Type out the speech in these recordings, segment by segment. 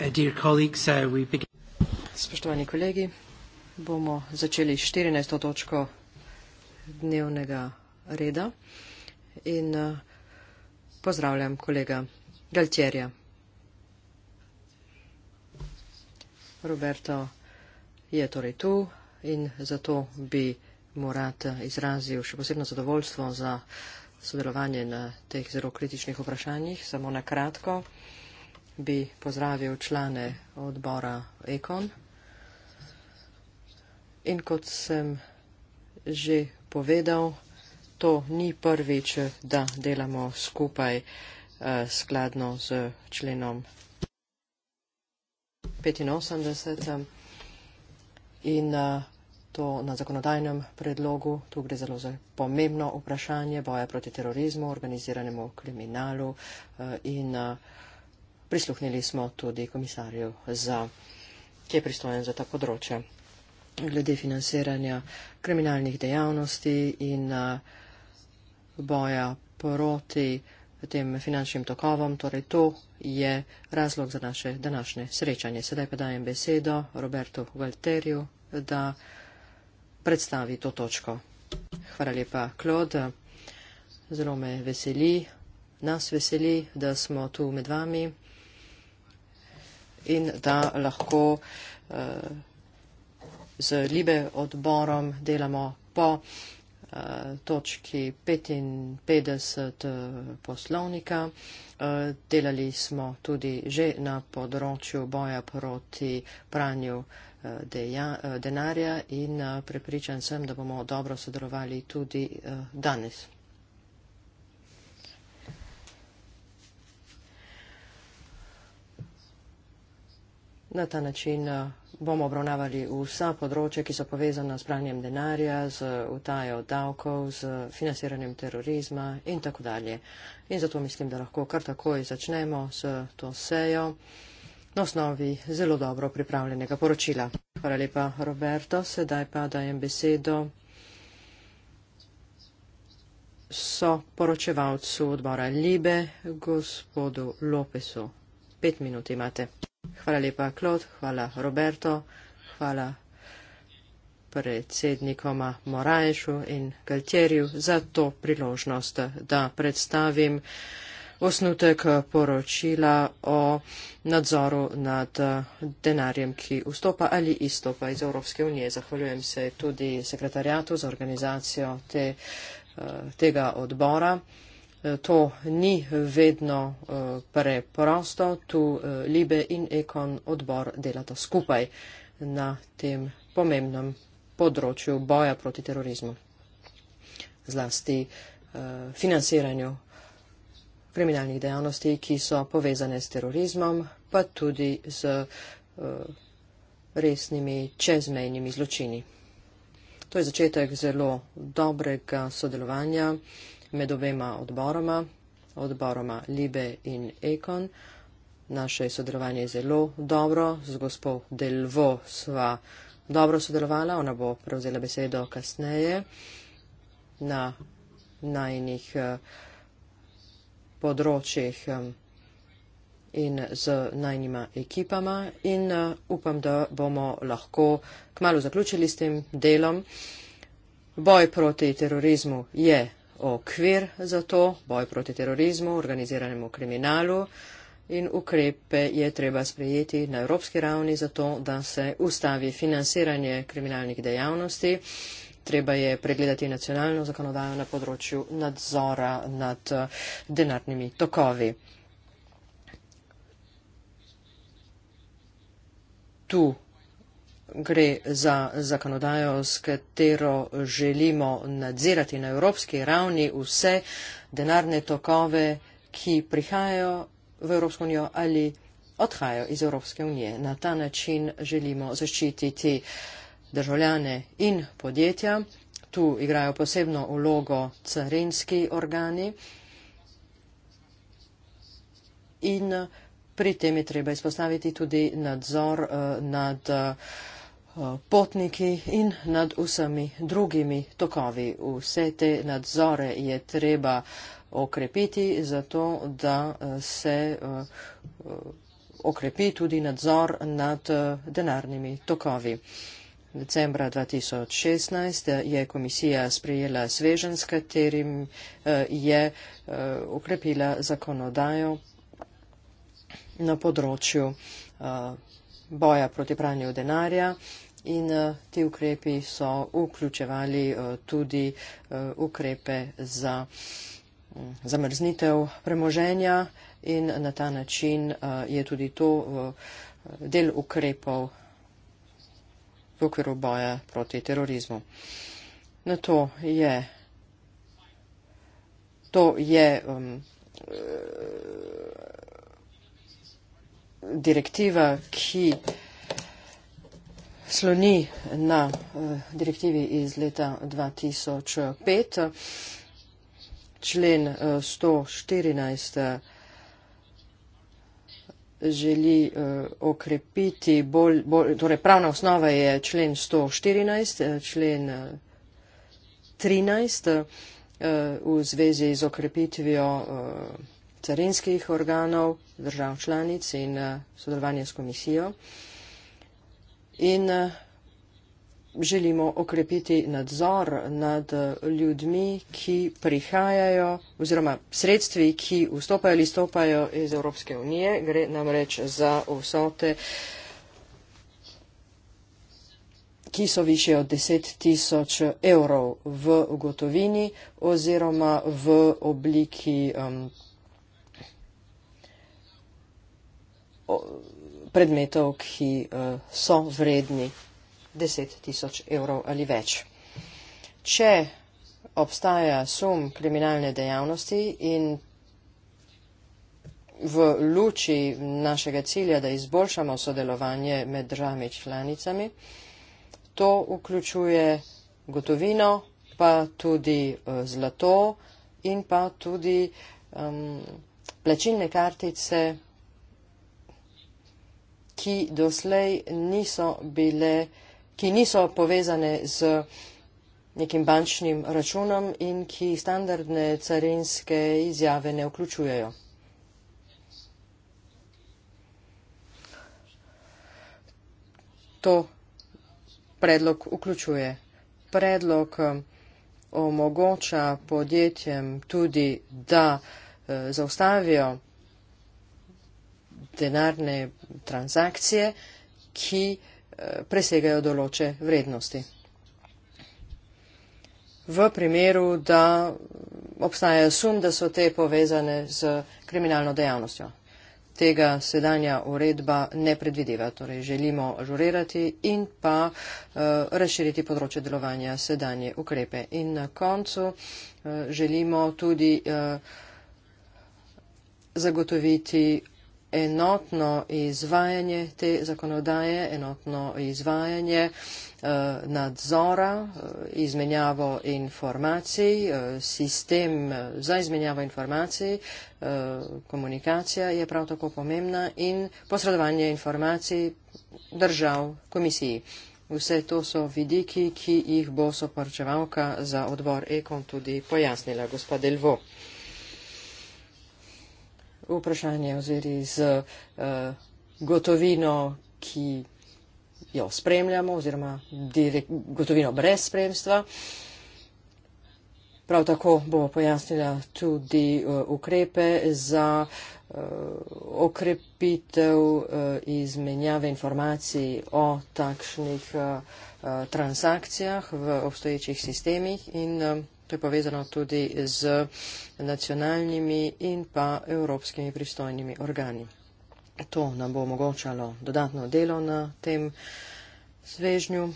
Uh, dear colleagues, uh, we begin. Spoštovani kolegi, bomo začeli 14. točko dnevnega reda in uh, pozdravljam kolega Galtjerja. Roberto je torej tu in zato bi mu rad izrazil še posebno zadovoljstvo za sodelovanje na teh zelo kritičnih vprašanjih. Samo na kratko. Uh, bi pozdravil člane odbora Ekon. In kot sem že povedal, to ni prvič, da delamo skupaj eh, skladno z členom 85 in eh, to na zakonodajnem predlogu. Tu gre zelo za pomembno vprašanje boja proti terorizmu, organiziranemu kriminalu eh, in. Eh, Prisluhnili smo tudi komisarju, za, ki je pristojen za ta področje. Glede financiranja kriminalnih dejavnosti in eh, boja proti tem finančnim tokovom, torej to je razlog za naše današnje srečanje. Sedaj pa dajem besedo Robertu Valterju, da predstavi to točko. Hvala lepa, Klod. Zelo me veseli, nas veseli, da smo tu med vami in da lahko eh, z Libe odborom delamo po eh, točki 55 eh, poslovnika. Delali smo tudi že na področju boja proti pranju deja, denarja in prepričan sem, da bomo dobro sodelovali tudi danes. Na ta način eh, bomo obravnavali vsa področja, ki so povezana s pranjem denarja, z utajo davkov, z financiranjem terorizma in tako dalje. In zato mislim, da lahko kar takoj začnemo s to sejo na osnovi zelo dobro pripravljenega poročila. Hvala lepa, Roberto. Sedaj pa dajem besedo so poročevalcu odbora Libe, gospodu Lopesu. Pet minut imate. Hvala lepa, Klod, hvala, Roberto, hvala predsednikoma Morajšu in Galtjerju za to priložnost, da predstavim osnutek poročila o nadzoru nad denarjem, ki vstopa ali izstopa iz Evropske unije. Zahvaljujem se tudi sekretarjatu za organizacijo te, eh, tega odbora. Eh, to ni vedno eh, preprosto, tu eh, Libe in Ekon odbor delata skupaj na tem pomembnem področju boja proti terorizmu, zlasti financiranju kriminalnih dejavnosti, ki so povezane s terorizmom, pa tudi z resnimi čezmejnimi zločini. To je začetek zelo dobrega sodelovanja med obema odboroma, odboroma Libe in Ekon. Naše sodelovanje je zelo dobro, z gospod Delvo sva dobro sodelovala, ona bo prevzela besedo kasneje na najnih eh, področjih eh, in z najnjima ekipama in eh, upam, da bomo lahko kmalo zaključili s tem delom. Boj proti terorizmu je okvir za to, boj proti terorizmu, organiziranemu kriminalu in ukrepe je treba sprejeti na evropski ravni za to, da se ustavi financiranje kriminalnih dejavnosti. Treba je pregledati nacionalno zakonodajo na področju nadzora nad eh, denarnimi tokovi. Tu gre za zakonodajo, s katero želimo nadzirati na evropski ravni vse denarne tokove, ki prihajajo v Evropsko unijo ali odhajajo iz Evropske unije. Na ta način želimo zaščititi državljane in podjetja. Tu igrajo posebno vlogo carinski organi. In pri tem je treba izpostaviti tudi nadzor eh, nad Eh, potniki in nad vsemi drugimi tokovi. Vse te nadzore je treba okrepiti, zato da eh, se eh, okrepi tudi nadzor nad denarnimi tokovi. Decembra 2016 je komisija sprejela svežen, s katerim je ukrepila zakonodajo na področju boja proti pranju denarja in eh, ti ukrepi so vključevali eh, tudi eh, ukrepe za mm, zamrznitev premoženja in na ta način je tudi to del ukrepov v okviru boja proti terorizmu. Na to je, to je um, direktiva, ki sloni na eh, direktivi iz leta 2005, člen 114 eh, eh, želi uh, okrepiti bolj, bolj, torej pravna osnova je člen 114, člen 13 uh, v zvezi z okrepitvijo uh, carinskih organov držav članic in uh, sodelovanje s komisijo. In uh, želimo okrepiti nadzor nad uh, ljudmi, ki prihajajo oziroma sredstvi, ki vstopajo ali stopajo iz Evropske unije. Gre namreč za vsote, ki so više od 10 tisoč evrov v gotovini oziroma v obliki. Um, predmetov, ki eh, so vredni 10 tisoč evrov ali več. Če obstaja sum kriminalne dejavnosti in v luči našega cilja, da izboljšamo sodelovanje med državami članicami, to vključuje gotovino, pa tudi eh, zlato in pa tudi um, plačilne kartice ki doslej niso bile, ki niso povezane z nekim bančnim računom in ki standardne carinske izjave ne vključujejo. To predlog vključuje. Predlog um, omogoča podjetjem tudi, da eh, zaustavijo denarne transakcije, ki eh, presegajo določe vrednosti. V primeru, da obstaja sum, da so te povezane z kriminalno dejavnostjo. Tega sedanja uredba ne predvideva, torej želimo žurirati in pa uh, razširiti področje delovanja sedanje ukrepe. In na koncu uh, želimo tudi uh, zagotoviti enotno izvajanje te zakonodaje, enotno izvajanje eh, nadzora, eh, izmenjavo informacij, eh, sistem za izmenjavo informacij, komunikacija je prav tako pomembna in posredovanje informacij držav komisiji. Vse to so vidiki, ki jih bo soporčevalka za odbor EKOM tudi pojasnila, gospod Delvo vprašanje v zveri z uh, gotovino, ki jo spremljamo oziroma direkt, gotovino brez spremstva. Prav tako bo pojasnila tudi uh, ukrepe za uh, okrepitev uh, izmenjave informacij o takšnih uh, transakcijah v obstoječih sistemih in uh, To je povezano tudi z nacionalnimi in pa evropskimi pristojnimi organi. To nam bo omogočalo dodatno delo na tem svežnju.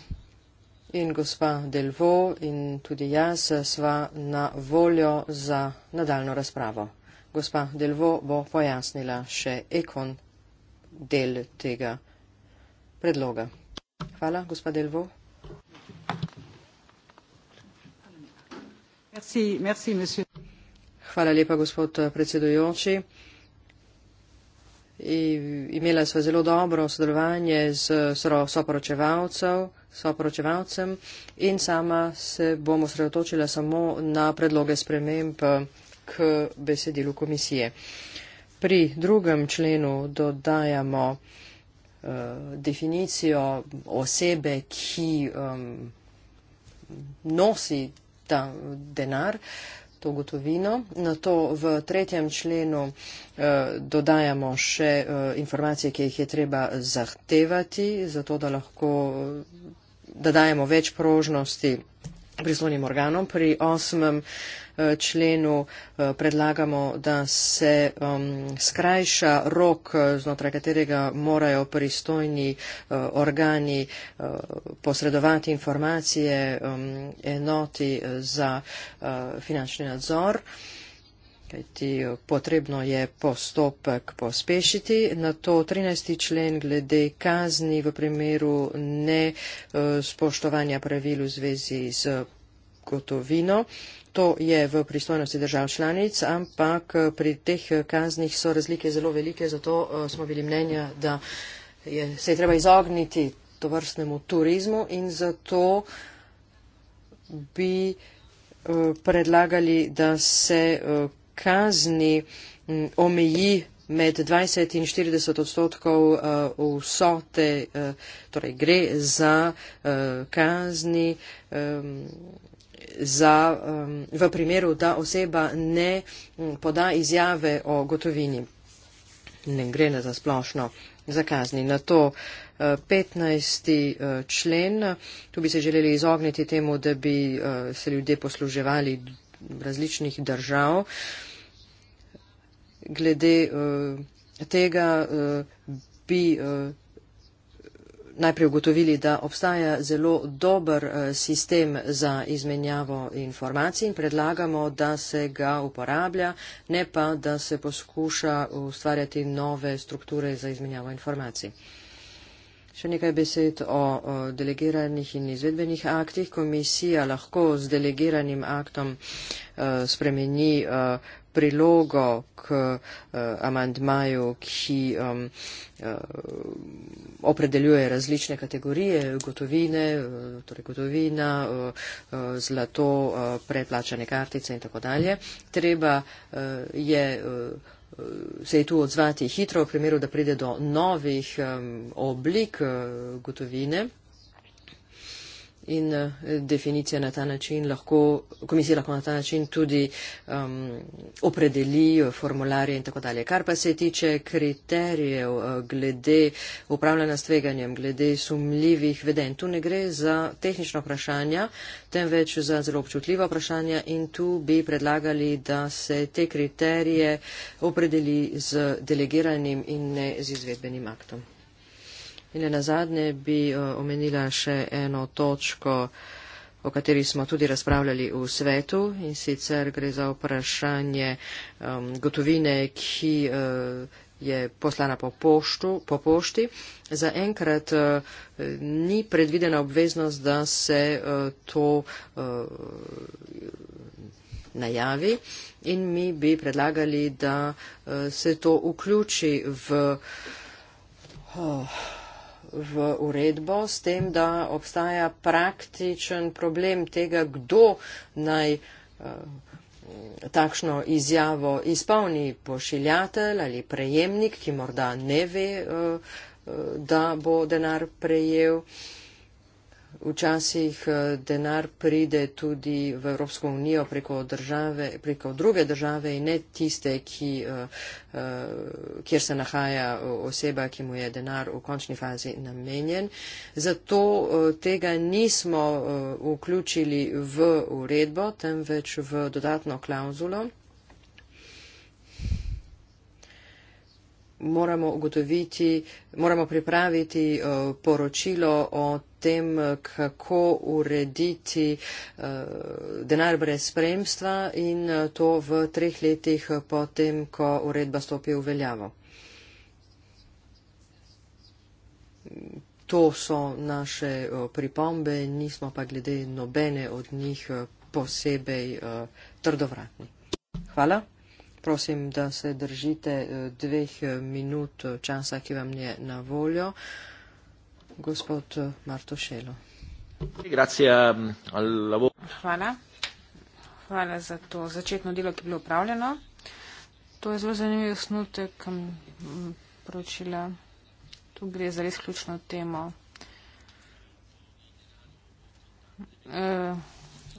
In gospa Delvo in tudi jaz sva na voljo za nadaljno razpravo. Gospa Delvo bo pojasnila še ekon del tega predloga. Hvala, gospa Delvo. Eh, imela sva zelo dobro sodelovanje s soporočevalcem in sama se bom osredotočila samo na predloge sprememb eh, k besedilu komisije. Pri drugem členu dodajamo eh, definicijo osebe, ki nosi ta denar, to gotovino. Na to v tretjem členu eh, dodajamo še eh, informacije, ki jih je treba zahtevati, zato da lahko eh, da dajemo več prožnosti prizvonim organom. Pri osmem eh, členu eh, predlagamo, da se um, skrajša rok, eh, znotraj katerega morajo pristojni organi posredovati informacije um, enoti za finančni nadzor napeti. Potrebno je postopek pospešiti. Na to 13. člen glede kazni v primeru ne spoštovanja pravil v zvezi z gotovino. To je v pristojnosti držav članic, ampak pri teh kaznih so razlike zelo velike, zato eh, smo bili mnenja, da je, se je treba izogniti tovrstnemu turizmu in zato bi eh, predlagali, da se eh, kazni omeji med 20 in 40 odstotkov eh, vsote, eh, torej gre za eh, kazni za, v primeru, da oseba ne poda izjave o gotovini. Ne gre ne za splošno za kazni. Na to 15. člen, tu bi se želeli izogniti temu, da bi se ljudje posluževali različnih držav. Glede uh, tega uh, bi uh, najprej ugotovili, da obstaja zelo dober uh, sistem za izmenjavo informacij in predlagamo, da se ga uporablja, ne pa, da se poskuša ustvarjati nove strukture za izmenjavo informacij. Še nekaj besed o, o delegiranih in izvedbenih aktih. Komisija lahko z delegiranim aktom e, spremeni e, prilogo k e, amandmaju, ki e, opredeljuje različne kategorije gotovine, e, torej gotovina, e, e zlato, e, predplačane kartice in tako dalje. Treba e, je. E, Eh, se je tu odzvati hitro v primeru, da pride do novih oblik eh, gotovine in eh, definicija na ta način lahko, komisija lahko na ta način tudi um, opredeli eh, formularje in tako dalje. Kar pa se tiče kriterijev eh, glede upravljanja s tveganjem, glede sumljivih veden, tu ne gre za tehnično vprašanje, temveč za zelo občutljiva vprašanja in tu bi predlagali, da se te kriterije opredeli z delegiranim in ne z izvedbenim aktom. In na zadnje bi eh, omenila še eno točko, o kateri smo tudi razpravljali v svetu in sicer gre za vprašanje um, gotovine, ki uh, je poslana po, poštu, po pošti. Za enkrat uh, eh, ni predvidena obveznost, da se uh, to uh, najavi in mi bi predlagali, da uh, se to vključi v. Oh, v uredbo, s tem, da obstaja praktičen problem tega, kdo naj eh, takšno izjavo izpolni pošiljatelj ali prejemnik, ki morda ne ve, eh, eh, da bo denar prejel. Včasih eh, denar pride tudi v Evropsko unijo preko, države, preko druge države in ne tiste, ki, eh, eh, kjer se nahaja oseba, ki mu je denar v končni fazi namenjen. Zato tega nismo vključili v uredbo, temveč v dodatno klauzulo. moramo ugotoviti, moramo pripraviti eh, poročilo o tem, kako urediti eh, denar brez spremstva in eh, to v treh letih potem, ko uredba stopi v veljavo. To so naše pripombe, nismo pa glede nobene od njih posebej trdovratni. Hvala prosim, da se držite eh, dveh eh, minut eh, časa, ki vam je na voljo. Gospod Marto Šelo. Mm, Hvala. Hvala za to začetno delo, ki je bilo upravljeno. To je zelo zanimiv osnutek hm, poročila. Tu gre za res ključno temo.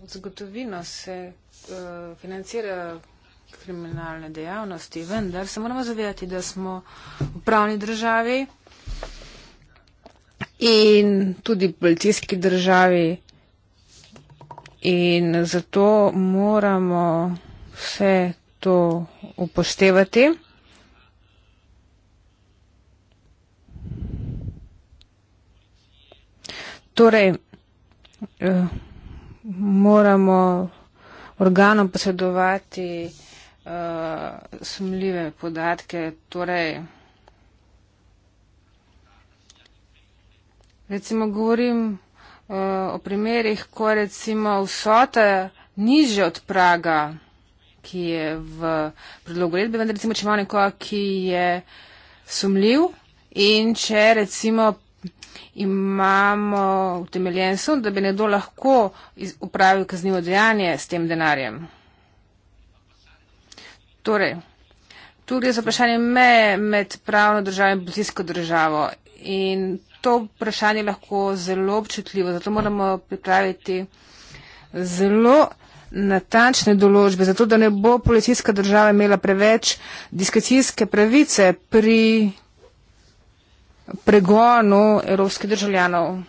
Zgodovino se financira kriminalne dejavnosti, vendar se moramo zavedati, da smo v pravni državi in tudi policijski državi in zato moramo vse to upoštevati. Torej, eh, moramo organom posredovati uh, sumljive podatke. Torej, recimo govorim uh, o primerih, ko recimo vsota niže od praga, ki je v predlogu redbe, vendar recimo, če imamo nekoga, ki je sumljiv in če recimo imamo utemeljen sum, da bi nekdo lahko upravil kaznivo dejanje s tem denarjem. Torej, tu gre za vprašanje meje med pravno državo in bližnjsko državo. In to vprašanje je lahko zelo občutljivo, zato moramo pripraviti zelo natančne določbe, zato da ne bo policijska država imela preveč diskrecijske pravice pri pregonu evropskih državljanov uh,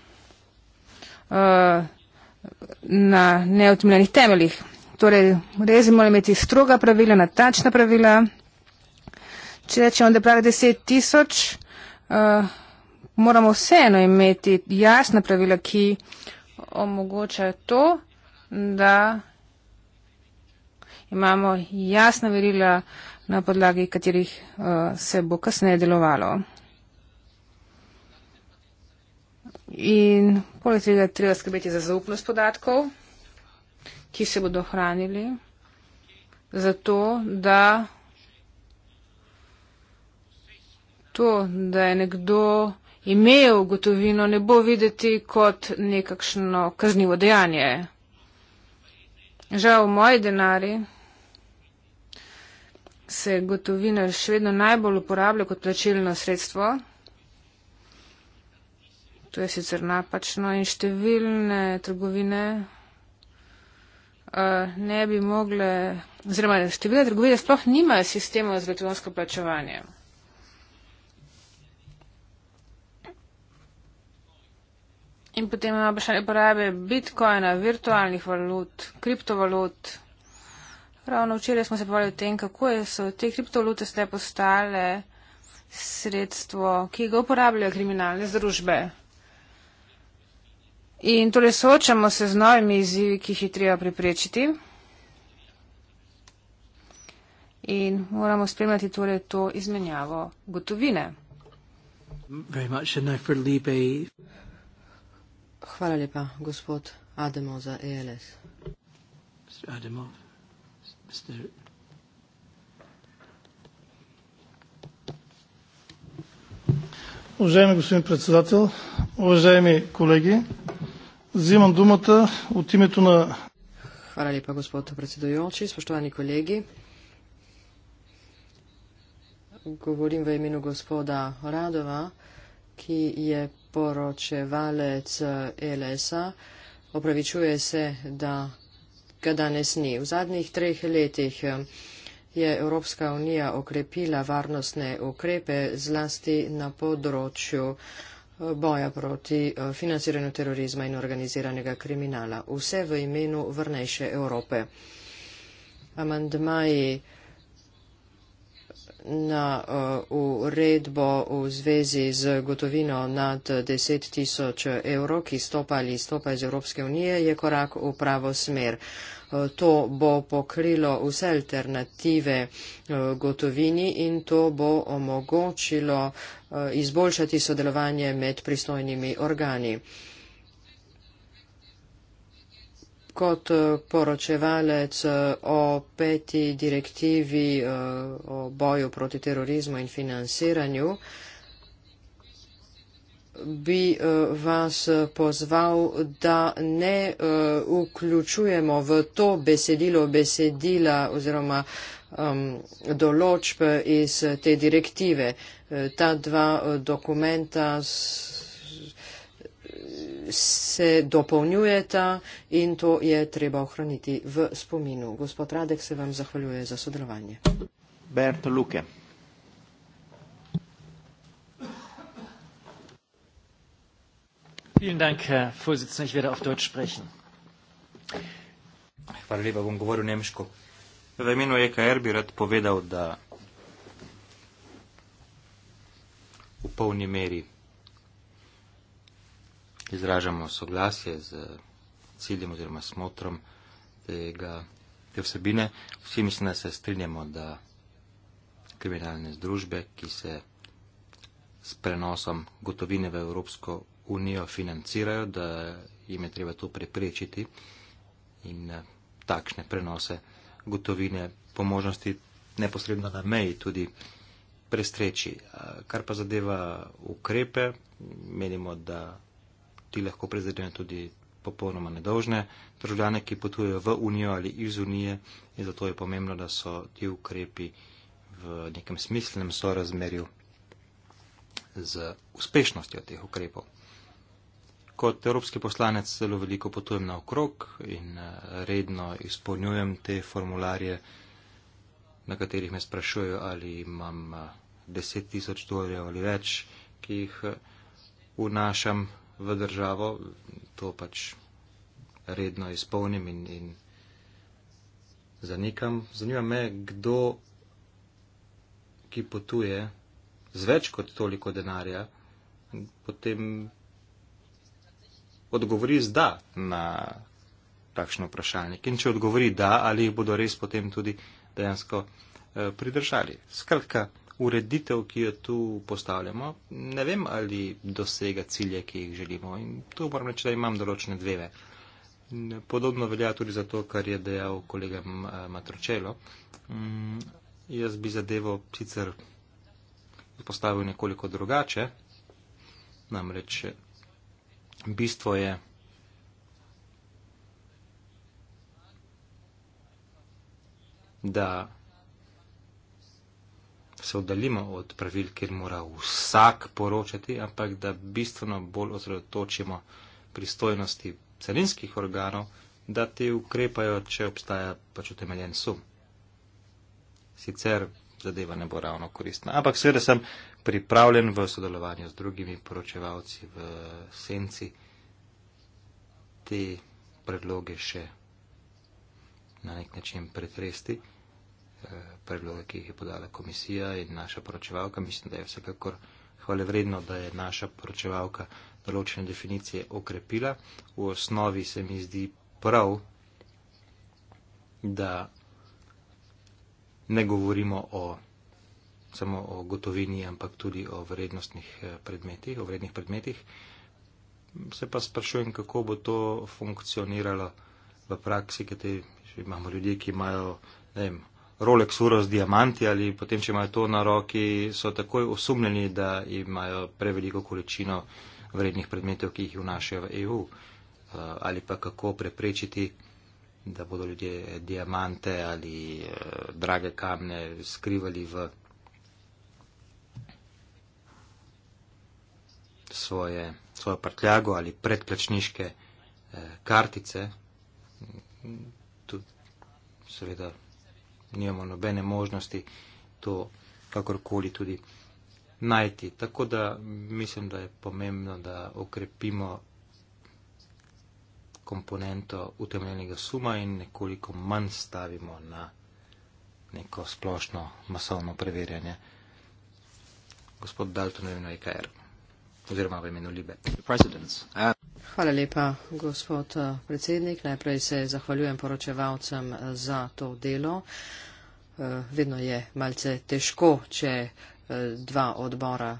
na neotimljenih temeljih. Torej, rezi mora imeti stroga pravila, natačna pravila. Če rečemo, da pravi 10 tisoč, uh, moramo vseeno imeti jasna pravila, ki omogočajo to, da imamo jasna verila, na podlagi katerih uh, se bo kasneje delovalo. In poleg tega treba skrbeti za zaupnost podatkov ki se bodo hranili, zato da to, da je nekdo imel gotovino, ne bo videti kot nekakšno kaznivo dejanje. Žal, moji denari se gotovina še vedno najbolj uporablja kot plačilno sredstvo. To je sicer napačno in številne trgovine ne bi mogle, oziroma številne trgovine sploh nimajo sistema za elektronsko plačevanje. In potem imamo vprašanje porabe bitcoina, virtualnih valut, kriptovalut. Ravno včeraj smo se povedali o tem, kako so te kriptovalute ste postale sredstvo, ki ga uporabljajo kriminalne združbe. In torej soočamo se z novimi izzivi, ki jih je treba preprečiti. In moramo spremljati torej to izmenjavo gotovine. Hvala lepa, gospod Ademo za ELS. Уважаеми господин председател, уважаеми колеги, Взимам думата от името на. Hvala lepa, gospod predsedujoči, spoštovani kolegi. Govorim v imenu gospoda Radova, ki je poročevalec LS-a. Opravičuje se, da ga danes ni. V zadnjih treh letih je Evropska unija okrepila varnostne ukrepe zlasti na področju boja proti eh, financiranju terorizma in organiziranega kriminala. Vse v imenu vrnejše Evrope. Amandmaji na eh, uredbo v zvezi z gotovino nad 10 tisoč evrov, ki stopa ali stopa iz Evropske unije, je korak v pravo smer. Eh, to bo pokrilo vse alternative eh, gotovini in to bo omogočilo izboljšati sodelovanje med pristojnimi organi kot eh, poročevalec eh, o peti direktivi eh, o boju proti terorizmu in financiranju, bi vas pozval, da ne vključujemo v to besedilo besedila oziroma določb iz te direktive. Ta dva dokumenta se dopolnjujeta in to je treba ohraniti v spominu. Gospod Radek se vam zahvaljuje za sodelovanje. Bert Luke. Vielen Dank, Herr Vorsitzender. Ich werde auf Deutsch sprechen. Hvala lepa, bom govoril nemško. V imenu EKR bi rad povedal, da v polni meri izražamo soglasje z ciljem oziroma smotrom tega, te vsebine. Vsi mislim, da se strinjamo, da kriminalne združbe, ki se s prenosom gotovine v Evropsko unijo financirajo, da jim je treba to preprečiti in eh, takšne prenose gotovine po možnosti neposredno na meji tudi prestreči. Kar pa zadeva ukrepe, menimo, da ti lahko prezadene tudi popolnoma nedolžne državljane, ki potujejo v Unijo ali iz Unije in zato je pomembno, da so ti ukrepi v nekem smislenem sorazmerju z uspešnostjo teh ukrepov. Kot evropski poslanec zelo veliko potujem na okrog in eh, redno izpolnjujem te formularje, na katerih me sprašujejo, ali imam 10 eh, tisoč dolarjev ali več, ki jih eh, vnašam v državo, to pač redno izpolnim in, in zanikam. Zanima me, kdo, ki potuje z več kot toliko denarja, potem odgovori z da na takšno vprašanje. In če odgovori da, ali jih bodo res potem tudi dejansko eh, pridržali. Skratka ureditev, ki jo tu postavljamo, ne vem, ali dosega cilje, ki jih želimo. In tu moram reči, da imam določene dveve. Podobno velja tudi za to, kar je dejal kolega mm, Matročelo. Mm, jaz bi zadevo sicer postavil nekoliko drugače, namreč bistvo je, da se oddaljimo od pravil, kjer mora vsak poročati, ampak da bistveno bolj osredotočimo pristojnosti carinskih organov, da ti ukrepajo, če obstaja pač utemeljen sum. Sicer zadeva ne bo ravno koristna, ampak seveda sem pripravljen v sodelovanju z drugimi poročevalci v senci te predloge še na nek način pretresti predloge, ki jih je podala komisija in naša poročevalka. Mislim, da je vsekakor hvale vredno, da je naša poročevalka določene definicije okrepila. V osnovi se mi zdi prav, da ne govorimo o, samo o gotovini, ampak tudi o vrednostnih eh, predmetih, o vrednih predmetih. Se pa sprašujem, kako bo to funkcioniralo v praksi, kajte imamo ljudje, ki imajo, ne vem, Rolex uro z diamanti ali potem, če imajo to na roki, so takoj osumljeni, da imajo preveliko količino vrednih predmetov, ki jih vnašajo v EU. Eh, ali pa kako preprečiti, da bodo ljudje diamante ali eh, drage kamne skrivali v svoje, svojo prtljago ali predplačniške eh, kartice. Tudi, seveda, nimamo nobene možnosti to kakorkoli tudi najti. Tako da mislim, da je pomembno, da okrepimo komponento utemeljenega suma in nekoliko manj stavimo na neko splošno masovno preverjanje. Gospod Dalton, ne vem, kaj je. Oziroma v imenu Libe. Hvala lepa, gospod eh, predsednik. Najprej se zahvaljujem poročevalcem eh, za to delo. Eh, vedno je malce težko, če dva odbora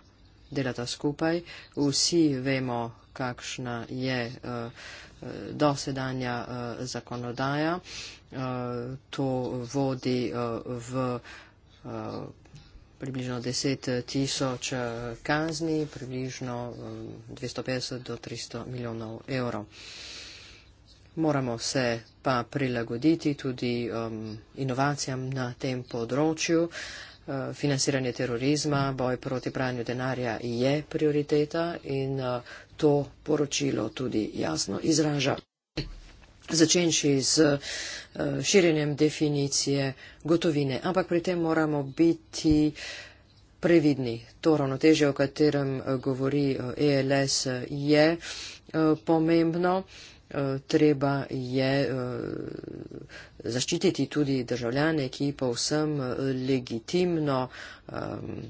delata skupaj. Vsi vemo, kakšna je dosedanja zakonodaja. To vodi v približno 10 eh, tisoč eh, kazni, približno 250 eh, do 300 milijonov evrov. Moramo se pa prilagoditi tudi um, inovacijam na tem področju. Financiranje terorizma, boj proti pranju denarja je prioriteta in to poročilo tudi jasno izraža začenši z eh, širjenjem definicije gotovine. Ampak pri tem moramo biti previdni. To ravnoteže, o katerem eh, govori ELS, eh, e je pomembno. Treba je zaščititi tudi državljane, ki pa vsem legitimno ehm,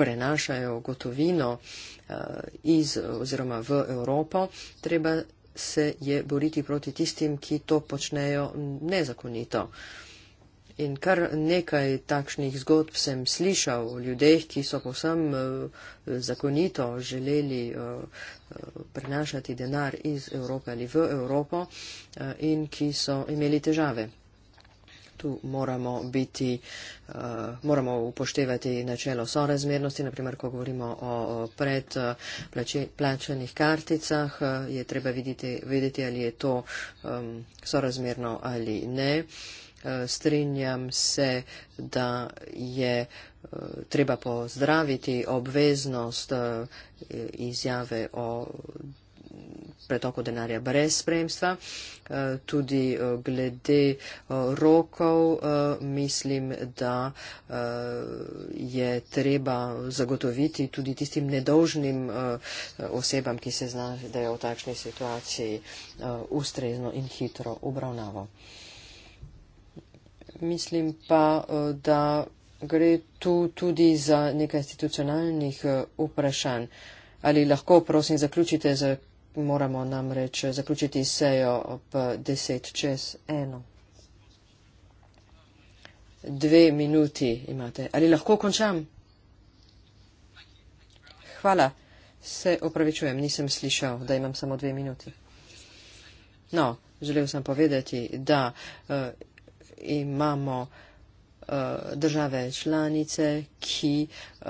prenašajo gotovino eh, iz oziroma v Evropo, treba se je boriti proti tistim, ki to počnejo nezakonito. In kar nekaj takšnih zgodb sem slišal o ljudeh, ki so povsem eh, zakonito želeli eh, prenašati denar iz Evrope ali v Evropo in ki so imeli težave tu moramo, biti, uh, moramo upoštevati načelo sorazmernosti. Naprimer, ko govorimo o predplačanih karticah, uh, je treba videti, vedeti, ali je to um, sorazmerno ali ne. Uh, strinjam se, da je uh, treba pozdraviti obveznost uh, izjave o pretoku denarja brez spremstva. Eh, tudi eh, glede eh, rokov mislim, da je treba zagotoviti tudi tistim nedolžnim osebam, ki se znajo v takšni situaciji, ustrezno in hitro obravnavo. Mislim pa, da gre tu tudi za nekaj institucionalnih vprašanj. Ali lahko, prosim, zaključite z moramo namreč zaključiti sejo ob 10 čez 1. Dve minuti imate. Ali lahko končam? Hvala. Se opravičujem, nisem slišal, da imam samo dve minuti. No, želel sem povedati, da uh, imamo uh, države članice, ki uh,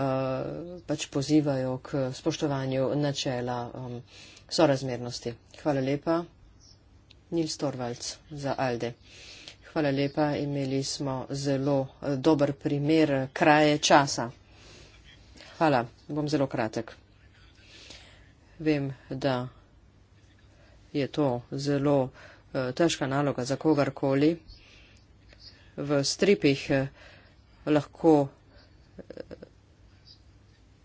pač pozivajo k spoštovanju načela. Um, sorazmernosti. Hvala lepa, Nils Torvalc za Alde. Hvala lepa, imeli smo zelo eh, dober primer kraje časa. Hvala, bom zelo kratek. Vem, da je to zelo eh, težka naloga za kogarkoli. V stripih eh, lahko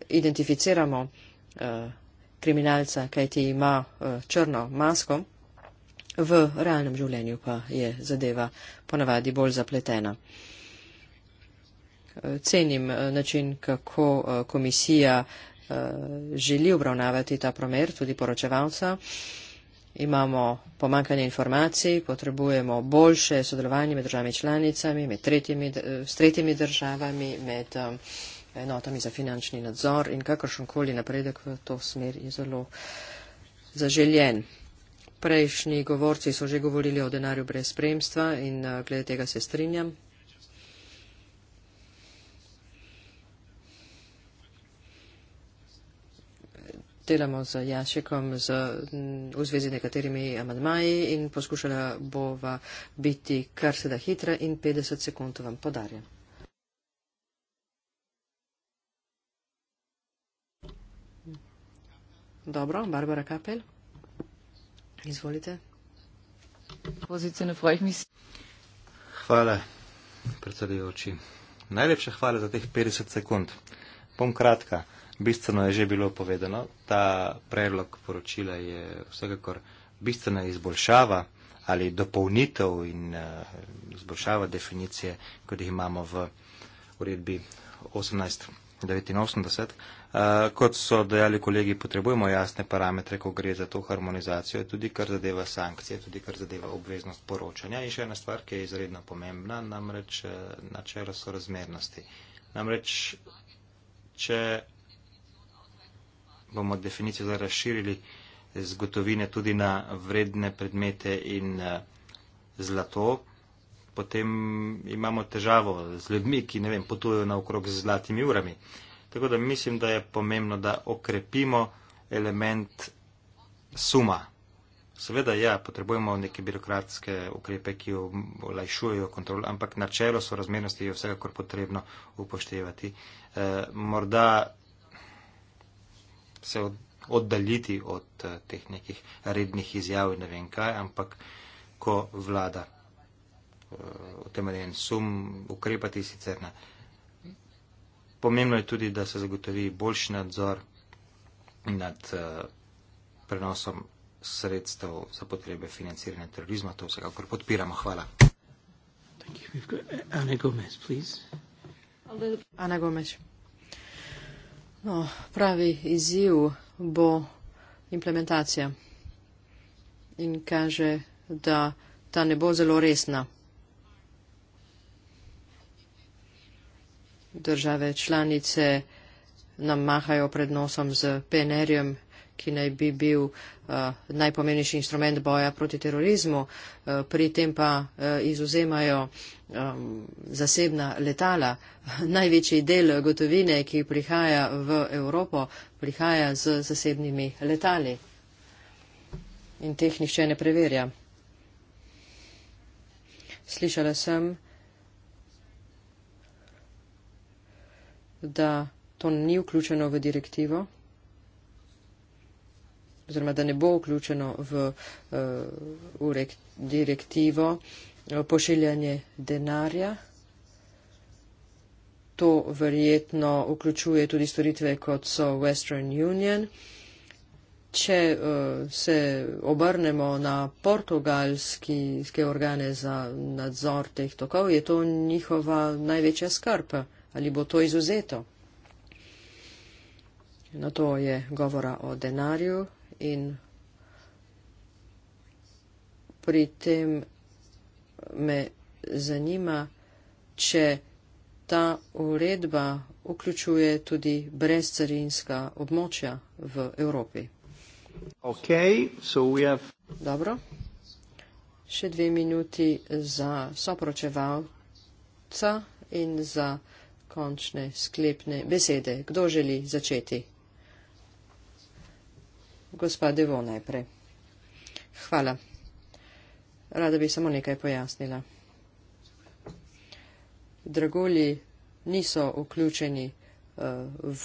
identificiramo kriminalca, kajti ima eh, črno masko, v realnem življenju pa je zadeva ponavadi bolj zapletena. Eh, cenim eh, način, kako komisija želi obravnavati ta promer, tudi poročevalca. Imamo pomankanje informacij, potrebujemo boljše sodelovanje med državami članicami, med tretjimi, s tretjimi državami, med uh, enotami za finančni nadzor in kakršenkoli napredek v to smer je zelo zaželjen. Prejšnji govorci so že govorili o denarju brez spremstva in eh, glede tega se strinjam. Delamo z Jašekom z, mm, v zvezi z nekaterimi amadmaji in poskušala bova biti kar se da hitra in 50 sekund vam podarjam. Dobro, Barbara Kapel, izvolite. Hvala, predsedujoči. Najlepša hvala za teh 50 sekund. Bom kratka, bistveno je že bilo povedano, ta predlog poročila je vsekakor bistvena izboljšava ali dopolnitev in uh, izboljšava definicije, kot jih imamo v uredbi 1889. Eh, kot so dejali kolegi, potrebujemo jasne parametre, ko gre za to harmonizacijo, tudi kar zadeva sankcije, tudi kar zadeva obveznost poročanja. In še ena stvar, ki je izredno pomembna, namreč eh, načelo sorazmernosti. Namreč, če bomo definicijo razširili z gotovine tudi na vredne predmete in eh, zlato, potem imamo težavo z ljudmi, ki ne vem, potujejo naokrog z zlatimi urami. Uh, Tako da mislim, da je pomembno, da okrepimo element suma. Seveda, ja, potrebujemo neke birokratske ukrepe, ki olajšujejo kontrol, ampak načelo sorazmernosti je vsekakor potrebno upoštevati. E, morda se od, oddaljiti od eh, teh nekih rednih izjav in ne vem kaj, ampak ko vlada e, utemeljen sum, ukrepati sicer na. Pomembno je tudi, da se zagotovi boljši nadzor nad eh, prenosom sredstev za potrebe financiranja terorizma. To vsekakor podpiramo. Hvala. Eh, Ana Gomez, prosim. Ana Gomez. No, pravi izziv bo implementacija in kaže, da ta ne bo zelo resna. države članice nam mahajo pred nosom z PNR-jem, ki naj bi bil uh, eh, najpomenjši instrument boja proti terorizmu, uh, pri tem pa uh, eh, izuzemajo um, ehm, zasebna letala. Največji del gotovine, ki prihaja v Evropo, prihaja z zasebnimi letali. In teh nihče ne preverja. Slišala sem, da to ni vključeno v direktivo, oziroma da ne bo vključeno v, eh, v direktivo eh, pošiljanje denarja. To verjetno vključuje tudi storitve, kot so Western Union. Če uh, se obrnemo na portugalske organe za nadzor teh tokov, je to njihova največja skrpa ali bo to izuzeto. Na no, to je govora o denarju in pri tem me zanima, če ta uredba vključuje tudi brezcarinska območja v Evropi. Okay, have... Dobro. Še dve minuti za soporočevalca in za končne, sklepne besede. Kdo želi začeti? Gospa Devo najprej. Hvala. Rada bi samo nekaj pojasnila. Dragoli niso vključeni uh,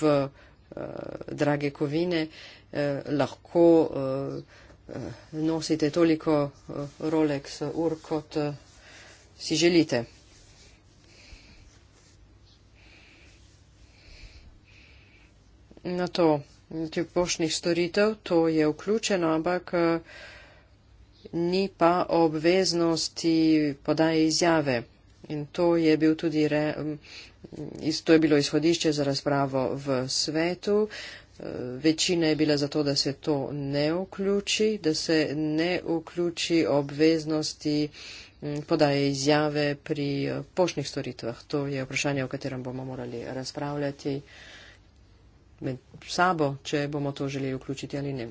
v uh, drage kovine, uh, lahko uh, nosite toliko uh, Rolex ur, kot uh, si želite. na to, tih poštnih storitev, to je vključeno, ampak eh, ni pa obveznosti podaje izjave. In to je, bil tudi re, mm, to je bilo izhodišče za razpravo v svetu. Eh, večina je bila za to, da se to ne vključi, da se ne vključi obveznosti mm, podaje izjave pri eh, poštnih storitvah. To je vprašanje, o katerem bomo morali razpravljati med sabo, če bomo to želeli vključiti ali ne.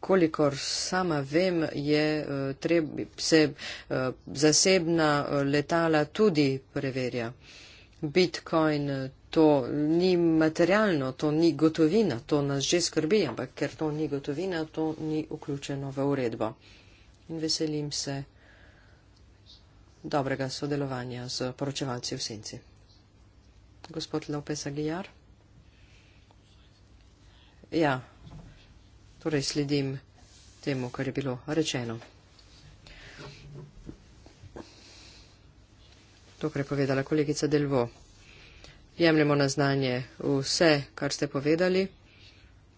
Kolikor sama vem, je, eh, treb, se eh, zasebna eh, letala tudi preverja. Bitcoin to ni materialno, to ni gotovina, to nas že skrbi, ampak ker to ni gotovina, to ni vključeno v uredbo. In veselim se dobrega sodelovanja z poročevalci v senci. Gospod Lopes Aguilar. Ja, torej sledim temu, kar je bilo rečeno. To, kar je povedala kolegica Delvo. Jemljemo na znanje vse, kar ste povedali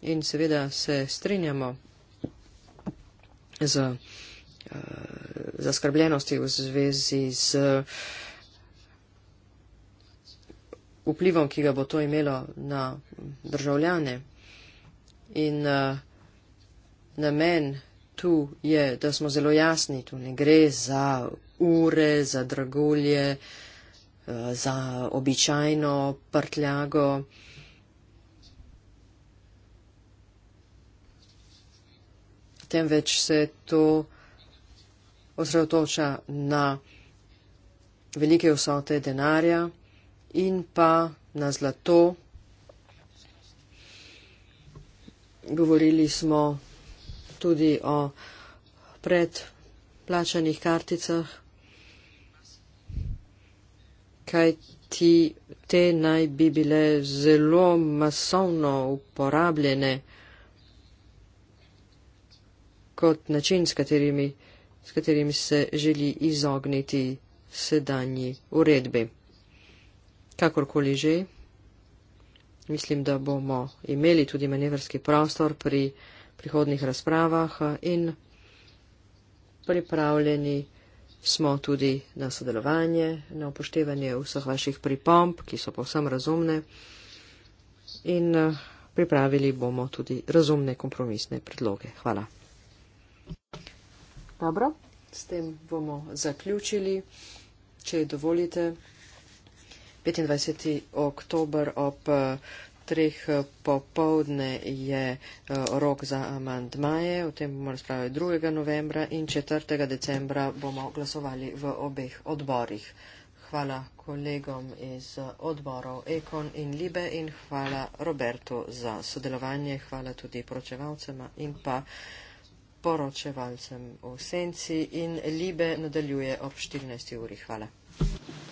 in seveda se strinjamo z eh, zaskrbljenosti v zvezi z uh, vplivom, ki ga bo to imelo na državljane. In uh, namen tu je, da smo zelo jasni, tu ne gre za ure, za dragulje, uh, za običajno prtljago. Temveč se to osredotoča na velike vsote denarja in pa na zlato. Govorili smo tudi o predplačanih karticah, kaj ti te naj bi bile zelo masovno uporabljene kot način, s katerimi, s katerimi se želi izogniti sedanji uredbi. Kakorkoli že, mislim, da bomo imeli tudi manevrski prostor pri prihodnih razpravah in pripravljeni smo tudi na sodelovanje, na upoštevanje vseh vaših pripomb, ki so povsem razumne in eh, pripravili bomo tudi razumne kompromisne predloge. Hvala. Dobro, s tem bomo zaključili. Če dovolite. 25. oktober ob eh, treh eh, popovdne je eh, rok za amandmaje, o tem bomo razpravili 2. novembra in 4. decembra bomo glasovali v obeh odborih. Hvala kolegom iz odborov Ekon in Libe in hvala Robertu za sodelovanje, hvala tudi poročevalcema in pa poročevalcem v Senci in Libe nadaljuje ob 14. uri. Hvala.